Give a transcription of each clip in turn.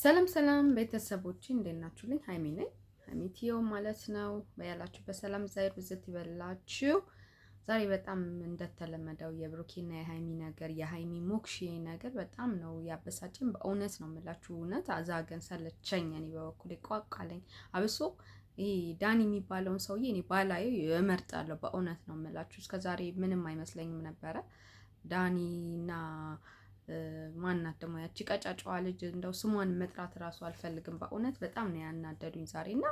ሰላም ሰላም ቤተሰቦች እንዴት ናችሁልኝ? ሀይሚ ነኝ ሀይሚ ቲዮ ማለት ነው። በያላችሁ በሰላም ዛይር ብዝት ይበላችሁ። ዛሬ በጣም እንደተለመደው የብሩኬና የሀይሚ ነገር የሀይሚ ሞክሼ ነገር በጣም ነው ያበሳጭን። በእውነት ነው የምላችሁ። እውነት አዛገን ሰለቸኝ። እኔ በበኩል ይቋቃለኝ። አብሶ ይሄ ዳን የሚባለውን ሰውዬ እኔ ባላየው እመርጣለሁ። በእውነት ነው የምላችሁ። እስከዛሬ ምንም አይመስለኝም ነበረ ዳኒና ማናት ደግሞ ያቺ ቀጫጫዋ ልጅ እንደው ስሟን መጥራት እራሱ አልፈልግም። በእውነት በጣም ነው ያናደዱኝ ዛሬ እና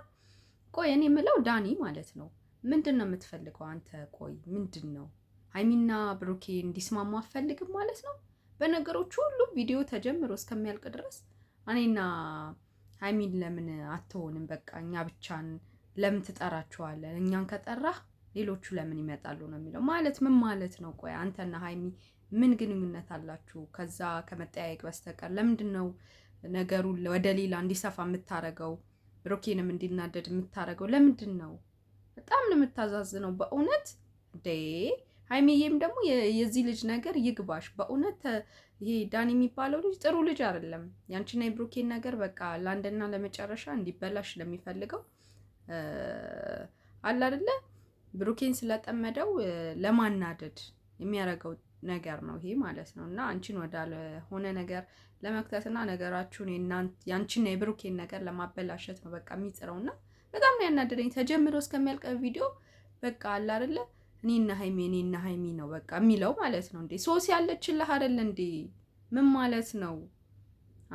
ቆይ እኔ የምለው ዳኒ ማለት ነው ምንድን ነው የምትፈልገው አንተ? ቆይ ምንድን ነው ሀይሚና ብሩኬ እንዲስማሙ አፈልግም ማለት ነው? በነገሮቹ ሁሉ ቪዲዮ ተጀምሮ እስከሚያልቅ ድረስ እኔና ሀይሚን ለምን አትሆንም? በቃ እኛ ብቻን ለምን ትጠራችኋለን? እኛን ከጠራህ ሌሎቹ ለምን ይመጣሉ ነው የሚለው። ማለት ምን ማለት ነው? ቆይ አንተና ሀይሚ ምን ግንኙነት አላችሁ? ከዛ ከመጠያየቅ በስተቀር ለምንድን ነው ነገሩን ወደ ሌላ እንዲሰፋ የምታረገው? ብሩኬንም እንዲናደድ የምታረገው ለምንድን ነው? በጣም ነው የምታዛዝነው በእውነት ዴ ሀይሚዬም ደግሞ የዚህ ልጅ ነገር ይግባሽ በእውነት ይሄ ዳን የሚባለው ልጅ ጥሩ ልጅ አይደለም። ያንቺና የብሩኬን ነገር በቃ ለአንድና ለመጨረሻ እንዲበላሽ ለሚፈልገው አለ አይደለ ብሩኬን ስለጠመደው ለማናደድ የሚያደርገው ነገር ነው ይሄ ማለት ነው። እና አንቺን ወዳልሆነ ነገር ለመክተትና ነገራችሁን ያንቺና የብሩኬን ነገር ለማበላሸት ነው በቃ የሚጥረው። እና በጣም ነው ያናደደኝ ተጀምሮ እስከሚያልቀ ቪዲዮ በቃ አለ አይደለ እኔና ሀይሚ እኔና ሀይሚ ነው በቃ የሚለው ማለት ነው። እንዴ ሶሲ ያለችልህ አይደል እንዴ? ምን ማለት ነው?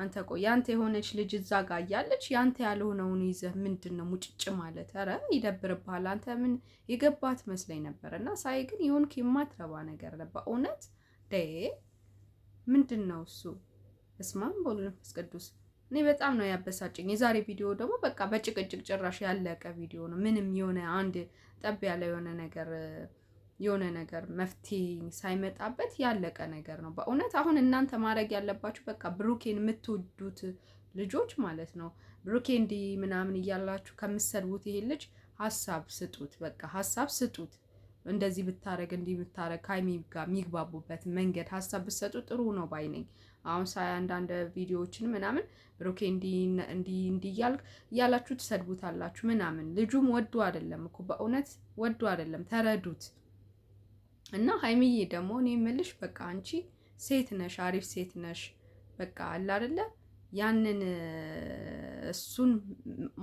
አንተ ቆይ ያንተ የሆነች ልጅ እዛ ጋ እያለች ያንተ ያልሆነውን ይዘህ ምንድን ነው ሙጭጭ ማለት? ኧረ ይደብርብሃል። አንተ ምን የገባት መስለኝ ነበር። እና ሳይ ግን የሆንክ የማትረባ ነገር ነበር። እውነት ደ ምንድን ነው እሱ? እስማም በሉ መንፈስ ቅዱስ። እኔ በጣም ነው ያበሳጭኝ። የዛሬ ቪዲዮ ደግሞ በቃ በጭቅጭቅ ጭራሽ ያለቀ ቪዲዮ ነው። ምንም የሆነ አንድ ጠብ ያለ የሆነ ነገር የሆነ ነገር መፍትሄ ሳይመጣበት ያለቀ ነገር ነው። በእውነት አሁን እናንተ ማድረግ ያለባችሁ በቃ ብሩኬን የምትወዱት ልጆች ማለት ነው። ብሩኬ እንዲህ ምናምን እያላችሁ ከምትሰድቡት ይሄ ልጅ ሀሳብ ስጡት፣ በቃ ሀሳብ ስጡት። እንደዚህ ብታረግ እንዲህ ብታረግ ከሀይሚ ጋር የሚግባቡበት መንገድ ሀሳብ ብትሰጡ ጥሩ ነው ባይ ነኝ። አሁን ሳይ አንዳንድ ቪዲዮዎችን ምናምን ብሩኬ እንዲህ እንዲህ እያልክ እያላችሁ ትሰድቡታላችሁ ምናምን። ልጁም ወዱ አይደለም እኮ በእውነት ወዱ አይደለም። ተረዱት። እና ሀይሚዬ ደግሞ እኔ የምልሽ በቃ አንቺ ሴት ነሽ፣ አሪፍ ሴት ነሽ። በቃ አለ አይደለ ያንን እሱን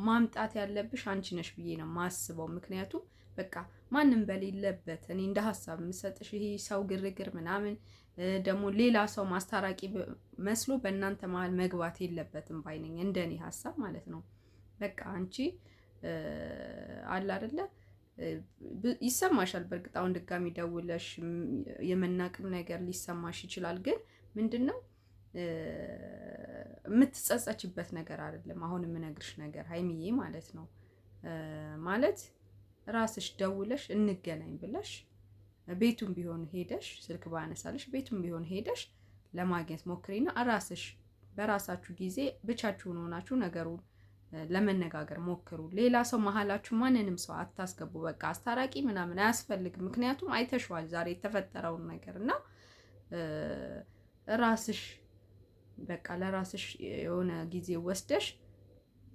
ማምጣት ያለብሽ አንቺ ነሽ ብዬ ነው ማስበው። ምክንያቱም በቃ ማንም በሌለበት እኔ እንደ ሀሳብ የምሰጥሽ ይሄ ሰው ግርግር ምናምን ደግሞ ሌላ ሰው ማስታራቂ መስሎ በእናንተ መሀል መግባት የለበትም ባይነኝ እንደኔ ሀሳብ ማለት ነው። በቃ አንቺ አለ አይደለ ይሰማሻል። በእርግጥ አሁን ድጋሚ ደውለሽ የመናቅም ነገር ሊሰማሽ ይችላል። ግን ምንድን ነው የምትጸጸችበት ነገር አይደለም። አሁን የምነግርሽ ነገር ሀይሚዬ ማለት ነው ማለት ራስሽ ደውለሽ እንገናኝ ብለሽ ቤቱም ቢሆን ሄደሽ ስልክ ባነሳልሽ ቤቱም ቢሆን ሄደሽ ለማግኘት ሞክሬና ራስሽ በራሳችሁ ጊዜ ብቻችሁን ሆናችሁ ነገሩን ለመነጋገር ሞክሩ። ሌላ ሰው መሀላችሁ ማንንም ሰው አታስገቡ። በቃ አስታራቂ ምናምን አያስፈልግም። ምክንያቱም አይተሸዋል ዛሬ የተፈጠረውን ነገር እና ራስሽ በቃ ለራስሽ የሆነ ጊዜ ወስደሽ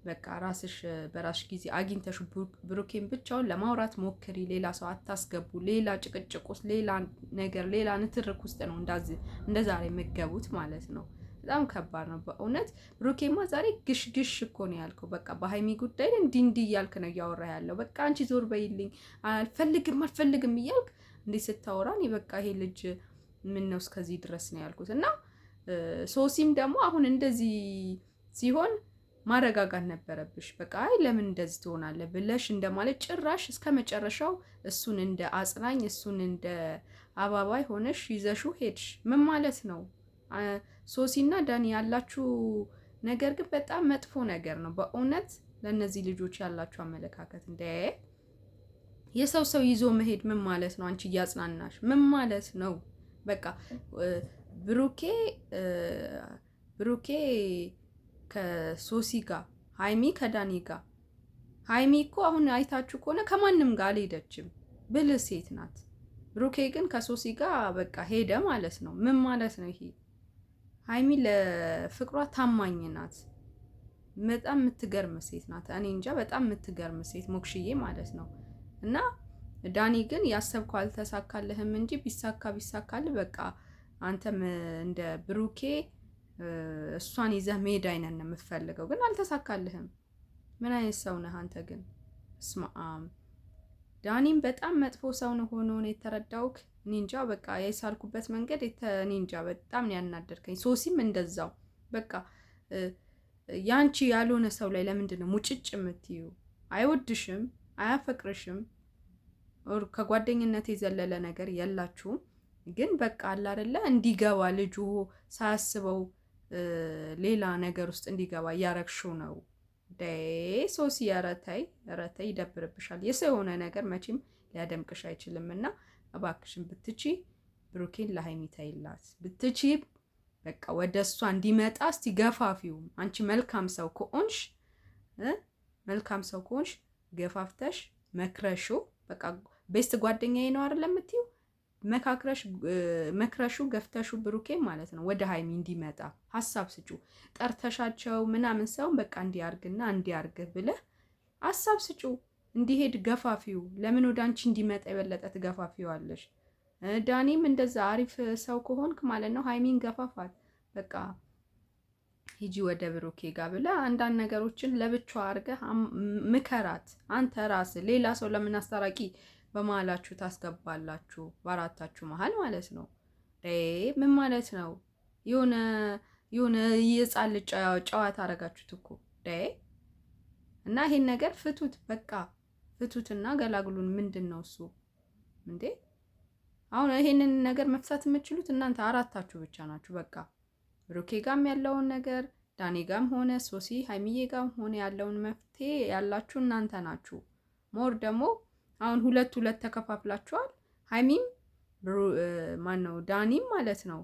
በቃ ራስሽ በራስሽ ጊዜ አግኝተሽ ብሩኬን ብቻውን ለማውራት ሞክሪ። ሌላ ሰው አታስገቡ። ሌላ ጭቅጭቅ ውስጥ፣ ሌላ ነገር፣ ሌላ ንትርክ ውስጥ ነው እንደዛ ዛሬ ማለት ነው። በጣም ከባድ ነው በእውነት ብሩኬማ፣ ዛሬ ግሽ ግሽ እኮ ነው ያልከው። በቃ በሀይሚ ጉዳይ እንዲህ እንዲህ እያልክ ነው እያወራ ያለው። በቃ አንቺ ዞር በይልኝ አልፈልግም አልፈልግም እያልክ እንዲህ ስታወራን በቃ ይሄ ልጅ ምን ነው እስከዚህ ድረስ ነው ያልኩት። እና ሶሲም ደግሞ አሁን እንደዚህ ሲሆን ማረጋጋት ነበረብሽ። በቃ አይ ለምን እንደዚህ ትሆናለህ ብለሽ እንደማለት ጭራሽ እስከ መጨረሻው እሱን እንደ አጽናኝ እሱን እንደ አባባይ ሆነሽ ይዘሹ ሄድሽ። ምን ማለት ነው? ሶሲና ዳኒ ያላችሁ ነገር ግን በጣም መጥፎ ነገር ነው። በእውነት ለእነዚህ ልጆች ያላችሁ አመለካከት እንደ የሰው ሰው ይዞ መሄድ ምን ማለት ነው? አንቺ እያጽናናሽ ምን ማለት ነው? በቃ ብሩኬ ብሩኬ ከሶሲ ጋር ሀይሚ ከዳኒ ጋር ሀይሚ እኮ አሁን አይታችሁ ከሆነ ከማንም ጋር አልሄደችም፣ ብልህ ሴት ናት። ብሩኬ ግን ከሶሲ ጋር በቃ ሄደ ማለት ነው። ምን ማለት ነው ይሄ? ሀይሚ ለፍቅሯ ታማኝ ናት። በጣም የምትገርም ሴት ናት። እኔ እንጃ በጣም የምትገርም ሴት ሞክሽዬ ማለት ነው። እና ዳኒ ግን ያሰብከው አልተሳካልህም እንጂ ቢሳካ ቢሳካልህ በቃ አንተም እንደ ብሩኬ እሷን ይዘህ መሄድ አይነት ነው የምትፈልገው፣ ግን አልተሳካልህም። ምን አይነት ሰው ነህ አንተ ግን? እስማም ዳኒም በጣም መጥፎ ሰው ነው ሆኖ ነው የተረዳውክ ኒንጃ በቃ የሳልኩበት መንገድ ኒንጃ በጣም ነው ያናደርከኝ። ሶሲም እንደዛው በቃ ያንቺ ያልሆነ ሰው ላይ ለምንድን ነው ሙጭጭ የምትዩ? አይወድሽም፣ አያፈቅርሽም፣ ከጓደኝነት የዘለለ ነገር የላችሁም። ግን በቃ አለ አይደለ እንዲገባ ልጁ ሳያስበው ሌላ ነገር ውስጥ እንዲገባ እያረግሽው ነው ሶሲ ረተይ ረተይ ይደብርብሻል። የሰው የሆነ ነገር መቼም ሊያደምቅሽ አይችልም። እና እባክሽን ብትቺ ብሩኬን ለሀይሚ ተይላት ብትቺ በቃ ወደ እሷ እንዲመጣ እስቲ አንቺ መልካም ሰው ከሆንሽ መልካም ሰው ከሆንሽ ገፋፍተሽ መክረሹ። በቃ ቤስት ጓደኛዬ ነው አይደል የምትይው መካክረሽ መክረሹ ገፍተሹ ብሩኬ ማለት ነው ወደ ሀይሚ እንዲመጣ ሀሳብ ስጩ። ጠርተሻቸው ምናምን ሰውን በቃ እንዲያርግና እንዲያርግ ብለህ ሀሳብ ስጩ። እንዲሄድ ገፋፊው። ለምን ወደ አንቺ እንዲመጣ የበለጠ ትገፋፊዋለሽ? ዳኒም እንደዛ አሪፍ ሰው ከሆንክ ማለት ነው ሀይሚን ገፋፋት። በቃ ሂጂ ወደ ብሩኬ ጋር ብለ አንዳንድ ነገሮችን ለብቻ አድርገህ ምከራት። አንተ ራስህ ሌላ ሰው ለምን አስታራቂ በመሀላችሁ ታስገባላችሁ፣ በአራታችሁ መሀል ማለት ነው። ምን ማለት ነው? የሆነ የሆነ የህፃን ጨዋታ አረጋችሁት እኮ እና ይሄን ነገር ፍቱት፣ በቃ ፍቱትና ገላግሉን። ምንድን ነው እሱ እንዴ? አሁን ይሄንን ነገር መፍታት የምችሉት እናንተ አራታችሁ ብቻ ናችሁ። በቃ ሩኬ ጋም ያለውን ነገር ዳኔ ጋም ሆነ ሶሲ ሀይሚዬ ጋም ሆነ ያለውን መፍትሄ ያላችሁ እናንተ ናችሁ። ሞር ደግሞ አሁን ሁለት ሁለት ተከፋፍላችኋል። ሀይሚም ማን ነው ዳኒም ማለት ነው።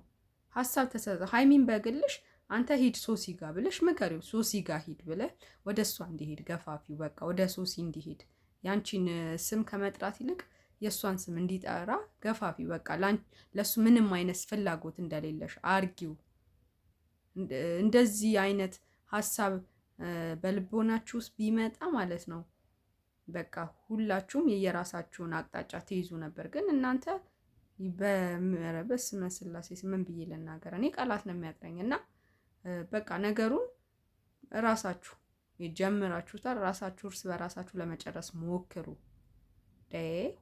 ሀሳብ ተሰጠ። ሀይሚም በግልሽ አንተ ሂድ ሶሲ ጋ ብለሽ ምከሪው። ሶሲ ጋ ሂድ ብለ ወደ እሷ እንዲሄድ ገፋፊው። በቃ ወደ ሶሲ እንዲሄድ ያንቺን ስም ከመጥራት ይልቅ የእሷን ስም እንዲጠራ ገፋፊ በቃ ለሱ ምንም አይነት ፍላጎት እንደሌለሽ አርጊው። እንደዚህ አይነት ሀሳብ በልቦናችሁ ውስጥ ቢመጣ ማለት ነው በቃ ሁላችሁም የየራሳችሁን አቅጣጫ ትይዙ ነበር። ግን እናንተ በመረበስ መስላሴ ምን ብዬ ልናገር? እኔ ቃላት ነው የሚያጥረኝ። እና በቃ ነገሩን ራሳችሁ የጀምራችሁታል፣ ራሳችሁ እርስ በራሳችሁ ለመጨረስ ሞክሩ።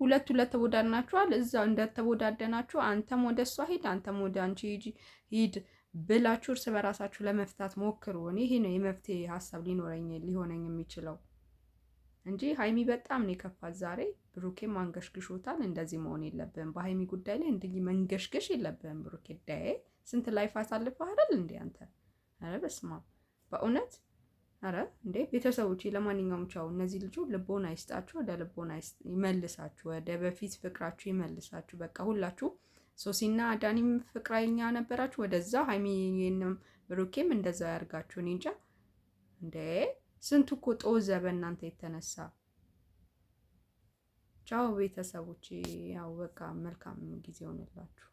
ሁለት ሁለት ተወዳድናችኋል። እዛ እንደተወዳደናችሁ አንተም ወደ እሷ ሂድ፣ አንተም ወደ አንቺ ሂድ ብላችሁ እርስ በራሳችሁ ለመፍታት ሞክሩ። እኔ ይሄ ነው የመፍትሄ ሀሳብ ሊኖረኝ ሊሆነኝ የሚችለው። እንጂ ሀይሚ በጣም ነው የከፋት ዛሬ። ብሩኬ ማንገሽግሾታል። እንደዚህ መሆን የለብህም በሀይሚ ጉዳይ ላይ እንደ መንገሽገሽ የለብህም ብሩኬ። ዳይ ስንት ላይፍ አሳልፈህ አይደል እንዴ አንተ? ኧረ በስመ አብ በእውነት ኧረ እንዴ ቤተሰቦች፣ ለማንኛውም ቻው። እነዚህ ልጁ ልቦና አይስጣችሁ፣ ወደ ልቦና ይመልሳችሁ፣ ወደ በፊት ፍቅራችሁ ይመልሳችሁ። በቃ ሁላችሁ ሶሲና ዳኒም ፍቅረኛ ነበራችሁ፣ ወደዛ ሀይሚንም ብሩኬም እንደዛ ያርጋችሁን እንጃ እንዴ ስንቱ እኮ ጦዘ በእናንተ የተነሳ። ቻው ቤተሰቦች፣ ያው በቃ መልካም ጊዜ ሆነላችሁ።